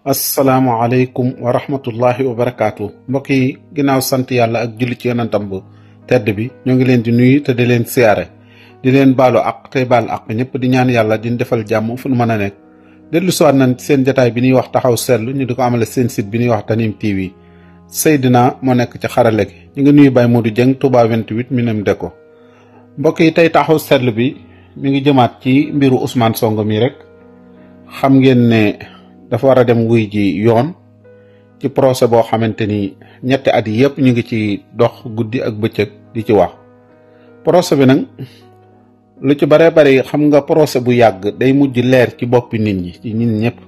asalaamualeykum wa rahmatullahi wa barakaatu mbokk yi ginnaaw sant yàlla ak julli ci yonentam bu tedd bi ñoo ngi leen di nuyu te di leen siyaare di leen baalu ak tey baalu ak ñëpp di ñaan yàlla di defal jàmm fu nu mën a nekk. dellu siwaat nañ seen jataay bi ñuy wax taxaw seetlu ñu di ko amale seen site bi ñuy wax Tanime TV Seydina moo nekk ci xarale gi ñu ngi nuyu Baye Modou Dieng Touba 28 minam de ko mbokk yi tey taxaw seetlu bi mu ngi jëmaat ci mbiru Ousmane Sonko mi rek xam ngeen ne. dafa war a dem wuy ji yoon ci procès boo xamante ni ñetti at yi yëpp ñu ngi ci dox guddi ak bëccëg di ci wax procès bi nag lu ci bare bari xam nga procès bu yàgg day mujj leer ci boppi nit ñi ci ñun ñëpp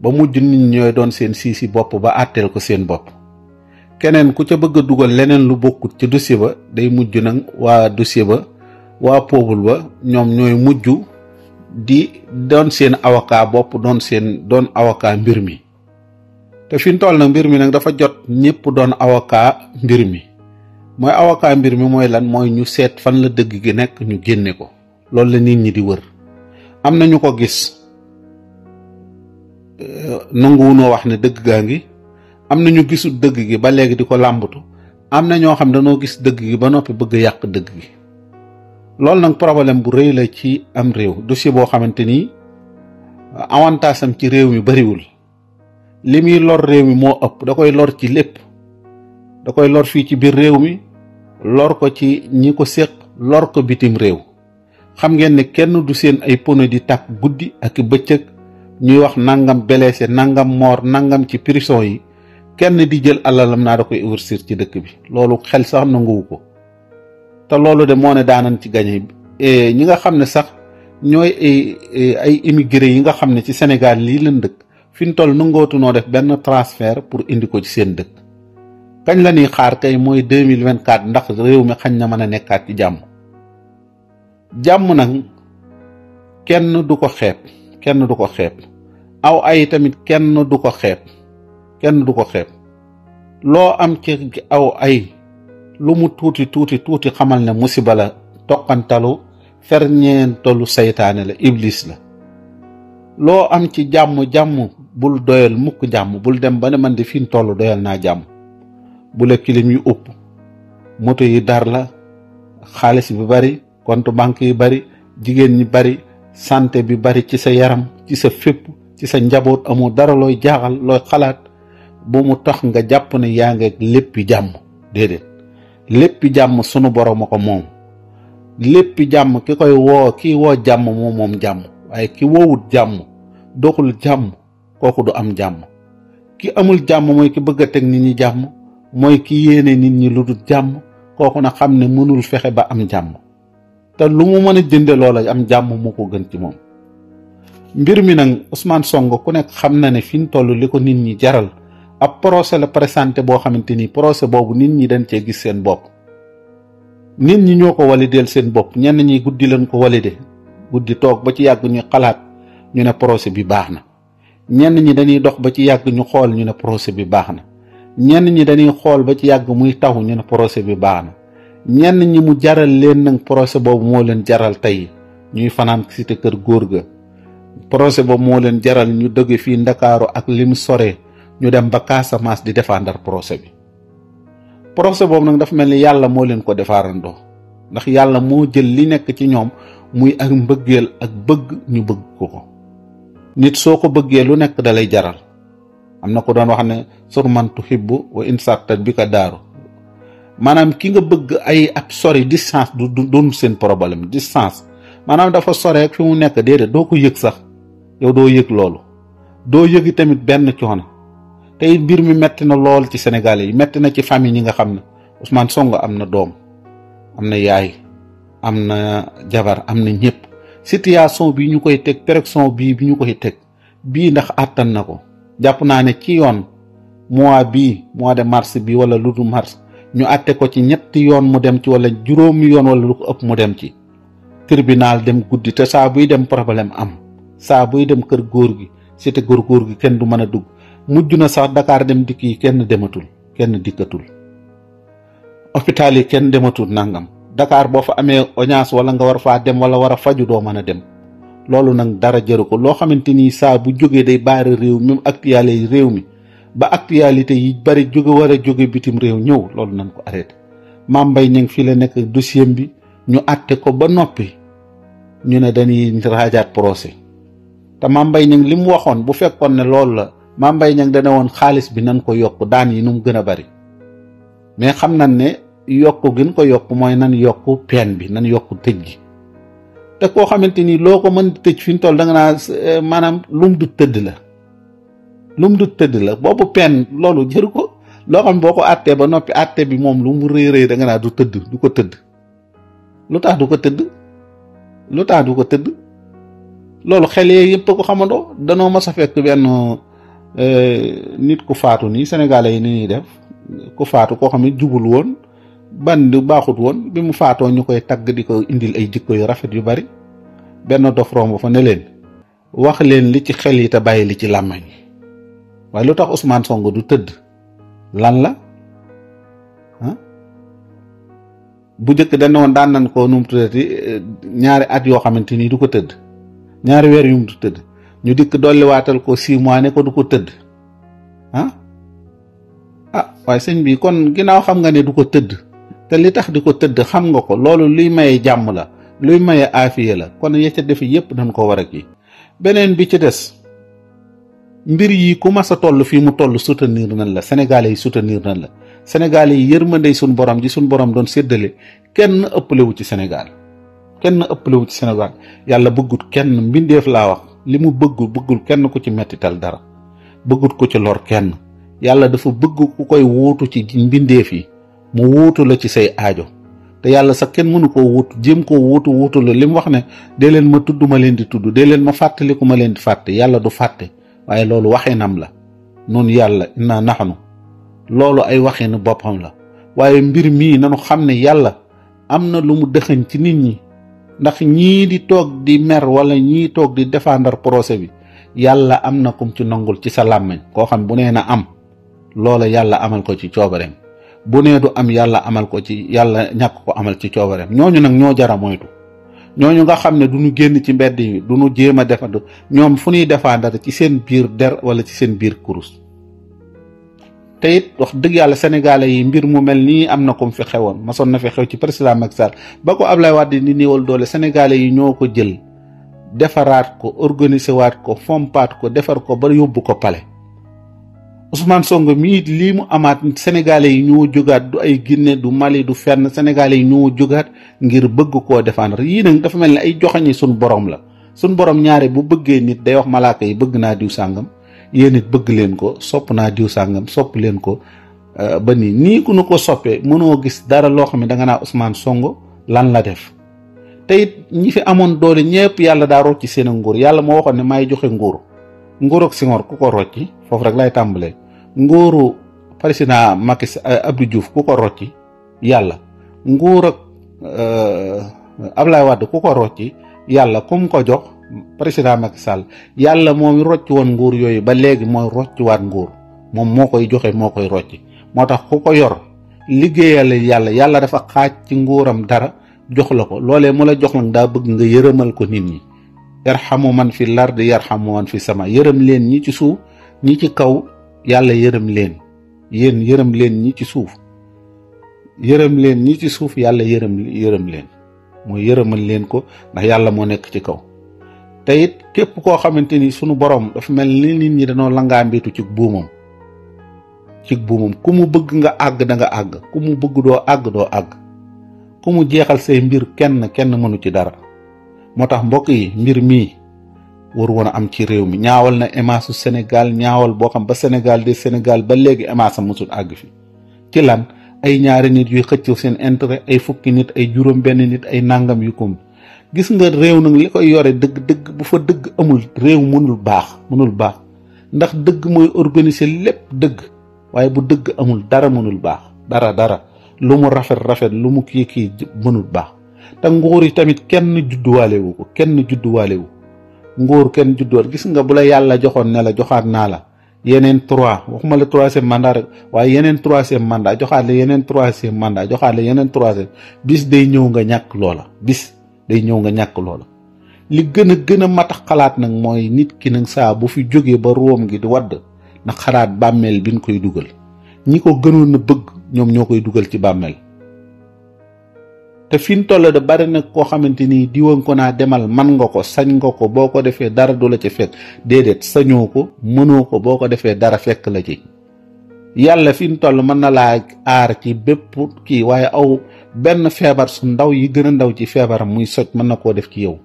ba mujj nit ñooy doon seen siisi bopp ba àtteel ko seen bopp keneen ku ca bëgg a dugal leneen lu bokkut ca dussi ba day mujj nag waa dussi ba waa poobul ba ñoom ñooy mujj di doon seen avocat bopp doon seen doon avocat mbir mi te fi mu toll nag mbir mi nag dafa jot ñëpp doon avocat mbir mi mooy awokaa mbir mi mooy lan mooy ñu seet fan la dëgg gi nekk ñu génne ko loolu la nit ñi di wër am na ñu ko gis nanguwunoo wax ne dëgg gaa ngi am na ñu gisul dëgg gi ba léegi di ko làmbatu am na ñoo xam danoo gis dëgg gi ba noppi bëgg yàq dëgg gi loolu nag problème bu rëy la ci am réew dossier boo xamante ni avantage ci réew mi bariwul li muy lor réew mi moo ëpp da koy lor ci lépp da koy lor fii ci biir réew mi lor ko ci ñi ko séq lor ko bitim réew xam ngeen ne kenn du seen ay pono di tàkk guddi ak bëccëg ñuy wax nangam blessé nangam moor nangam ci prison yi kenn di jël alalam naa da koy investir ci dëkk bi loolu xel sax nanguwu ko te loolu de moo ne daanan ci gañe e, ñi nga xam ne sax ñooy ay e, e, ay immigré yi nga xam ne ci Sénégal lii leen dëkk fi ñu toll nangootu noo def benn transfert pour indi ko ci seen dëkk kañ la ñuy xaar kay mooy deux mille vingt quatre ndax réew mi xañ na mën a nekkaat ci jàmm jàmm nag kenn du ko xeeb kenn du ko xeeb aw ay tamit kenn du ko xeeb kenn du ko xeeb loo am ci aw ay lu mu tuuti tuuti tuuti xamal ne musiba la toqantalu ferñeentalu seytaane la ibliis la loo am ci jàmm-jàmm bul doyal mukk jàmm bul dem ba ne man de fi mu doyal naa jàmm bu la kilim yu ëpp moto yi dar la xaalis bi bari compte banque yi bari jigéen ñi bari sante bi bari ci sa yaram ci sa fépp ci sa njaboot amoo dara looy jaaxal looy xalaat bu mu tax nga jàpp ne yaa ngi lépp jàmm déedéet léppi jàmm sunu borom a ko moom léppi jàmm ki koy woo kii woo jàmm moo moom jàmm waaye ki woowut jàmm doxul jàmm kooku du am jàmm ki amul jàmm mooy ki bëgg a teg nit ñi jàmm mooy ki yéene nit ñi lu dul jàmm kooku na xam ne mënul fexe ba am jàmm te lu mu mën a jënde loola am jàmm moo ko gën ci moom mbir mi nag Ousmane song ku nekk xam na ne fi mu toll li ko nit ñi jaral ab procès la présenté boo xamante ni procès boobu nit ñi dañ cee gis seen bopp nit ñi ñoo ko walideel seen bopp ñenn ñi guddi leen ko walide guddi toog ba ci yàgg ñu xalaat ñu ne procès bi baax na ñenn ñi dañuy dox ba ci yàgg ñu xool ñu ne procès bi baax na ñenn ñi dañuy xool ba ci yàgg muy taw ñu ne procès bi baax na ñenn ñi mu jaral leen nag procès boobu moo leen jaral tey ñuy fanaan cité kër góor ga procès boobu moo leen jaral ñu dëgg fii ndakaaru ak li mu sore ñu dem ba Casamance di défendre procès bi procès boobu nag dafa mel ni yàlla moo leen ko defaarandoo ndax yàlla moo jël li nekk ci ñoom muy ak mbëggeel ak bëgg ñu bëgg ko ko nit soo ko bëggee lu nekk dalay jaral am na ko doon wax ne surmantu xibbu wa insartat bi ko daaru maanaam ki nga bëgg ay ab sori distance du doon seen problème distance maanaam dafa sore fi mu nekk déedéet doo ko yëg sax yow doo yëg loolu doo yëgi tamit benn coono tey mbir mi metti na lool ci Sénégalais yi metti na ci famille yi nga xam ne Ousmane Sonko am na doom am na yaay am na jabar am na ñëpp situation bi ñu koy teg pression bii bi ñu koy teg bii ndax àttan na ko jàpp naa ne ci yoon mois bii mois de mars bi wala lu du mars ñu àtte ko ci ñetti yoon mu dem ci walla juróomi yoon wala lu ko ëpp mu dem ci tribunal dem guddi te saa buy dem problème am saa buy dem kër góor gi cité góor góor gi kenn du mën a dugg mujj na sax Dakar dem dikk yi kenn dematul kenn dikkatul hôpital yi kenn dematul nangam Dakar boo fa amee oñaas wala nga war faa dem wala war a faju doo mën a dem loolu nag dara jëru ko loo xamante ni saa bu jógee day baare réew mi actualité yi réew mi ba actualité yi bari jóge war a jóge bitim réew ñëw loolu nañ ko arrêté Mame Mbaye Niang fii la nekk dossier bi ñu àtte ko ba noppi ñu ne dañuy raajaat procès te Mame Mbaye Niang li mu waxoon Mame Mbaye Niang dana woon xaalis bi nan ko yokk daan yi nu mu gën a bari mais xam nañ ne yokk gën ko yokk mooy nan yokk peine bi nan yokk tëj gi te koo xamante ni loo ko mën tëj fi mu toll da nga naa eh, maanaam lum du tëdd la lum du tëdd la boobu peine loolu jëru ko loo ko àttee ba noppi àtte bi moom lu mu rëy rëy da du tëdd du ko tëdd lu tax du ko tëdd lu tax du ko tëdd loolu xel yee yëpp ko xamandoo danoo mas a fekk benn Euh, nit ku faatu nii sénégalais yi ni ñuy def ku faatu koo xam ne jubul woon bandi baaxut woon bi mu faatoo ñu koy tagg di ko indil ay jikko yu rafet yu bari benn dof romb fa ne leen wax leen li ci xel yi te bàyyi li ci làmmañ waaye lu tax Ousmane Sonko du tëdd lan la bu njëkk dañ woon daan nañ ko nu mu ñaari at yoo xamante ni du ko tëdd ñaari weer yu mu du tëdd ñu dikk dolliwaatal ko six mois ne ko du ko tëdd ah ah waaye sëñ bii kon ginnaaw xam nga ne du ko tëdd te li tax di ko tëdd xam nga ko loolu luy maye jàmm la luy maye aafiya la kon ya ca defe yépp dañ ko war a kii beneen bi ci des mbir yi ku mas a toll fii mu toll soutenir nan la sénégalais yi soutenir nan la sénégalais yi yërmandey suñ borom ji suñ borom doon séddale kenn ëppalewu ci sénégal kenn ëppalewu ci sénégal yàlla buggut kenn mbindeef laa wax li mu bëgg bëggul kenn ku ci mettital dara bëggut ko ci lor kenn yàlla dafa bëgg ku koy wuutu ci mbindeef yi mu wuutu la ci say aajo te yàlla sax kenn mënu koo wuutu jéem koo wuutu wuutu la li mu wax ne dee leen ma tudd ma leen di tudd dee leen ma fàttaliku ma leen di fàtte yàlla du fàtte waaye loolu waxinam la noonu yàlla inna naxnu loolu ay waxinu boppam la waaye mbir mii nanu xam ne yàlla am na lu mu dëxañ ci nit ñi ndax ñii di toog di mer wala ñii toog di défendre procès bi yàlla am na kum ci nangul ci sa làmmiñ koo xam ne bu nee na am loola yàlla amal ko ci coobareem bu nee du am yàlla amal ko ci yàlla ñàkk ko amal ci coobareem ñooñu nag ñoo jara moytu ñooñu nga xam ne du ñu génn ci mbedd yi du ñu jéem a defar ñoom fu ñuy défendre ci seen biir der wala ci seen biir kurus te wax dëgg yàlla sénégalais yi mbir mu mel nii am na ko fi xewoon masoon na fi xew ci président Macky Sall ba ko Ablaye Wade di néewal doole sénégalais yi ñoo ko jël defaraat ko organiser waat ko fompaat ko defar ko ba yóbbu ko pale Ousmane Sonko mii lii mu amaat sénégalais yi ñoo jógaat du ay Guinée du Mali du fenn sénégalais yi ñoo jógaat ngir bëgg koo défendre yii nag dafa mel ni ay joxañi suñ borom la suñ borom ñaare bu bëggee nit day wax malaaka naa sàngam yéen it bëgg leen ko sopp naa diw sàngam sopp leen ko euh, ba nii nii ku nu ko soppee mënoo gis dara loo xam ne danga naa Ousmane songo lan la def te it ñi fi amoon doole ñëpp yàlla daa rocci seen nguur yàlla moo waxoon ne maay joxe nguur nguur ak Senghor ku ko rocci foofu rek lay tàmbalee nguuru président Macky euh, Abdou Diouf ku ko rocci yàlla nguur ak euh, Ablaye Wade ku ko rocci yàlla ku mu ko jox président Macky Sall yàlla moom rocci woon nguur yooyu ba léegi mooy rocciwaat nguur moom moo koy joxe moo koy rocci moo tax ku ko yor liggéeyal yàlla yàlla dafa xaaj ci nguuram dara jox la ko loolee mu la jox nag daa bëgg nga yërëmal ko nit ñi yarxamu man fi lard yarxamu man fi sama yërëm leen ñi ci suuf ñi ci kaw yàlla yërëm leen yéen yërëm leen ñi ci suuf yërëm leen ñi ci suuf yàlla yërëm yërëm leen mooy yërëmal leen ko ndax yàlla moo nekk ci kaw te it képp koo xamante ni sunu borom dafa mel ni nit ñi danoo langaa mbiitu ci buumam ci buumam ku mu bëgg nga àgg danga àgg ku mu bëgg doo àgg doo àgg ku mu jeexal say mbir kenn kenn mënu ci dara moo tax mbokk yi mbir mii war woon a am ci réew mi ñaawal na imaasu Sénégal ñaawal boo xam ba Sénégal de Sénégal ba léegi imaasam mosul àgg fi ci lan ay ñaari nit yuy xëccoo seen intérêt ay fukki nit ay juróom benn nit ay nàngam yu kom gis nga réew nag li koy yore dëgg dëgg bu fa dëgg amul réew mënul baax mënul baax ndax dëgg mooy organiser lépp dëgg waaye bu dëgg amul dara mënul baax dara dara lu mu rafet rafet lu mu kii kii mënul baax te nguur yi tamit kenn judduwaalewu ko kenn judduwaalewu nguur kenn judduwaal gis nga bu la yàlla joxoon ne la joxaat naa la yeneen trois waxuma la troisième mandat rek waaye yeneen troisième mandat joxaat yeneen troisième mandat joxaat la yeneen troisième bis day ñëw nga ñàkk loola bis day ñëw nga ñàkk loola. li gën a gën a mat xalaat nag mooy nit ki nag saa bu fi jógee ba room gi di wadd na xalaat bàmmeel bi ñu koy dugal ñi ko gënoon a bëgg ñoom ñoo koy dugal ci bàmmeel. te fi mu toll da bari nag koo xamante ni diwan ko naa demal man nga ko sañ nga ko boo ko defee dara du la ci fekk déedéet sañoo ko mënoo ko boo ko defee dara fekk la ci yàlla fi mu toll mën na laa aar ci bépp kii waaye aw benn feebar su ndaw yi gën a ndaw ci feebaram muy soj mën na koo def ci yow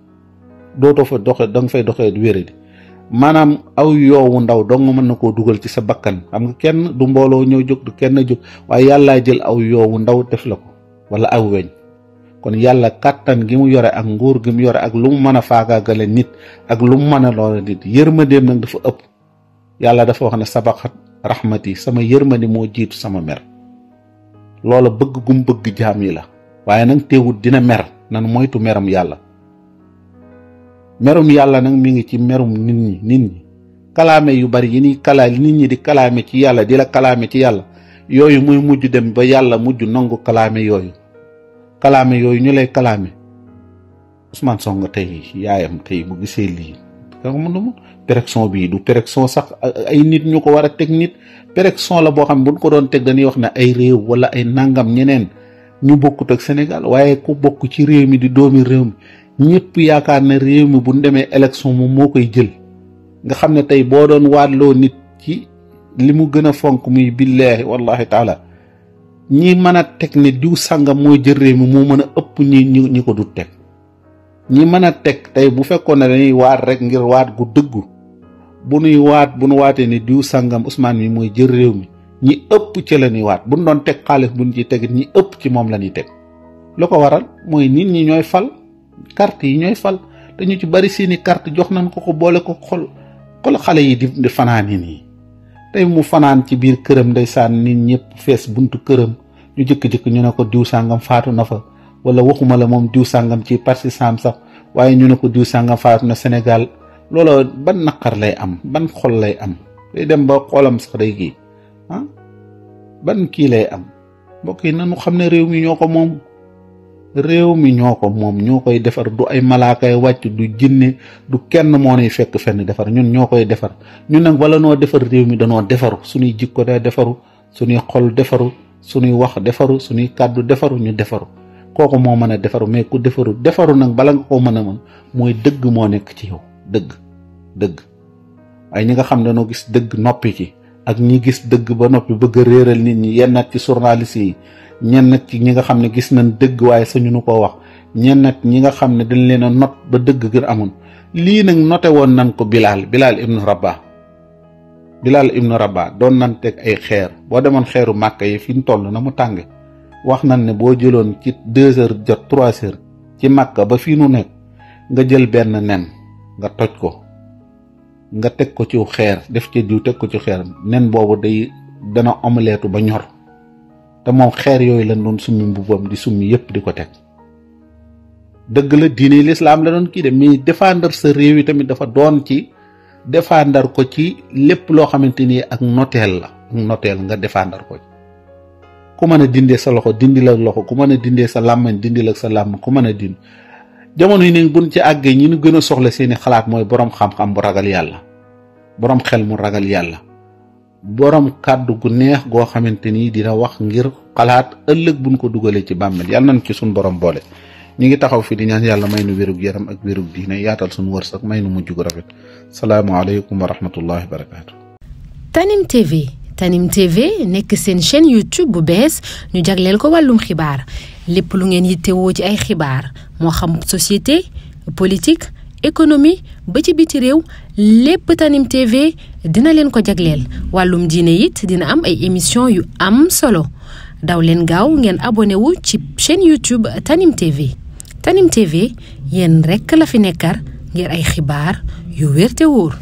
dootoo fa doxe da nga fay doxee wéradi maanaam aw yoowu ndaw dong mën na koo dugal ci sa bakkan xam nga kenn du mbooloo ñëw jóg du kenn jóg waaye yàllaa jël aw yoowu ndaw def la ko wala aw kon yàlla kàttan gi mu yore ak nguur gi mu yore ak lu mu mën a faagaagale nit ak lu mu mën a loola nit yërmandeem nag dafa ëpp yàlla dafa wax ne sabaqat raxmati sama yërmande moo jiitu sama mer loola bëgg gum bëgg jaam yi la waaye nag teewut dina mer nan moytu meram yàlla merum yàlla nag mu ngi ci merum nit ñi nit ñi kalaame yu bari yi ni kalaa nit ñi di kalaame ci yàlla di la kalaame ci yàlla yooyu muy mujj dem ba yàlla mujj nangu kalaame yooyu kalaame yooyu ñu lay kalaame Ousmane Sonko tey yaayam tey bu gisee lii bii du péréction sax ay nit ñu ko war a teg nit la boo xam ne buñ ko doon teg dañuy wax ne ay réew wala ay nangam ñeneen ñu bokkut ak Sénégal waaye ku bokk ci réew mi di doomi réew mi ñëpp yaakaar ne réew mi bu demee élection moom moo koy jël nga xam ne tey boo doon waatloo nit ci li mu gën a fonk muy billaahi wallahi taala ñi mën a teg ne diw sàngam mooy jël réew mi moo mën a ëpp ñi ñi ñi ko du teg ñii mën a teg tey bu fekkoon ne dañuy waat rek ngir waat gu dëggu bu nuy waat bu nu waatee ne diw sàngam Ousmane mi mooy jël réew mi ñi ëpp ci la ñuy waat bu nu doon teg xaalis bu ñu ci tegit ñi ëpp ci moom la ñuy teg lu ko waral mooy nit ñi ñooy fal carte yi ñooy fal te ñu ci bari seeni carte jox nañ ko ko boole ko xol xale yi di di fanaan yi nii tey mu fanaan ci biir këram ndeysaan nit ñëpp fees buntu këram ñu jëkk-jëkk ñu ne ko diw sàngam faatu na fa wala waxuma la moom diw sàngam ci parti saam sax waaye ñu ne ko diw sàngam faatu na senegal loola ban naqar lay am ban xol lay am dem ba xolam sax day kii ah ban kii lay am mbokk yi nanu xam ne réew mi ñoo ko moom réew mi ñoo ko moom ñoo koy defar du ay malaakay wàcc du jinne du kenn moo nuy fekk fenn defar ñun ñoo koy defar ñun nag wala noo defar réew mi danoo defaru suñuy jikko day defaru suñuy xol defaru suñuy wax defaru suñuy kàddu defaru ñu defaru kooku moo mën a defaru mais ku defaru defaru nag bala nga koo mën a mën mooy dëgg moo nekk ci yow dëgg dëgg ñi nga xam dañoo gis dëgg noppi ci ak ñi gis dëgg ba noppi bëgg a réeral nit yenn nag ci journaliste yi ñenn nag ñi nga xam ne gis nañ dëgg waaye sañu nu koo wax ñenn ñi nga xam ne dañ leen a not ba dëgg gën amoon lii nag noté woon nañ ko Bilal Bilal ibnu rabaa Bilaal ibnu Rabah doon nan teg ay xeer boo demoon xeeru màkk yi fi ñu toll na mu tàng wax nañ ne boo jëloon ci deux heures jot trois heures ci màkk ba fii nu nekk nga jël benn nen nga toj ko nga teg ko ci xeer def ci diw teg ko ci xeer nen boobu day dana omeleetu ba ñor te moom xeer yooyu lañ doon summi mbubbam di summi yépp di ko teg dëgg la diine lislaam la doon kii de mais défendre sa réew yi tamit dafa doon ci défendar ko ci lépp loo xamante ni ak noteel la ak noteel nga défendar ko ci ku mën a dindee sa loxo dindi la loxo ku mën a dindee sa làmmañ dindil ak sa làmm ku mën a dind jamono yi ne buñ ci àggee ñi ñu gën a soxla seeni xalaat mooy boroom xam-xam bu ragal yàlla borom xel mu ragal yàlla borom kàddu gu neex goo xamante ni dina wax ngir xalaat ëllëg buñ ko dugalee ci bàmmeel yàlla nañ ci suñ borom boole ñu ngi taxaw fi di ñaan yàlla may nu wérug yaram ak wérug diine yaatal suñu wërsëg may nu mujj gu rafet salaamualeykum wa rahmatullahi wa barakaatu. Tanim TV Tanim TV nekk seen chaîne YouTube bu bees ñu jagleel ko wàllum xibaar lépp lu ngeen yittewoo ci ay xibaar moo xam société politique économie ba ci biti réew lépp Tanim TV dina leen ko jagleel wàllum diine it dina am ay émission yu am solo. daw leen gaaw ngeen abonné wu ci chaîne YouTube Tanim TV Tanim TV yéen rekk la fi nekkar ngir ay xibaar yu weer te wóor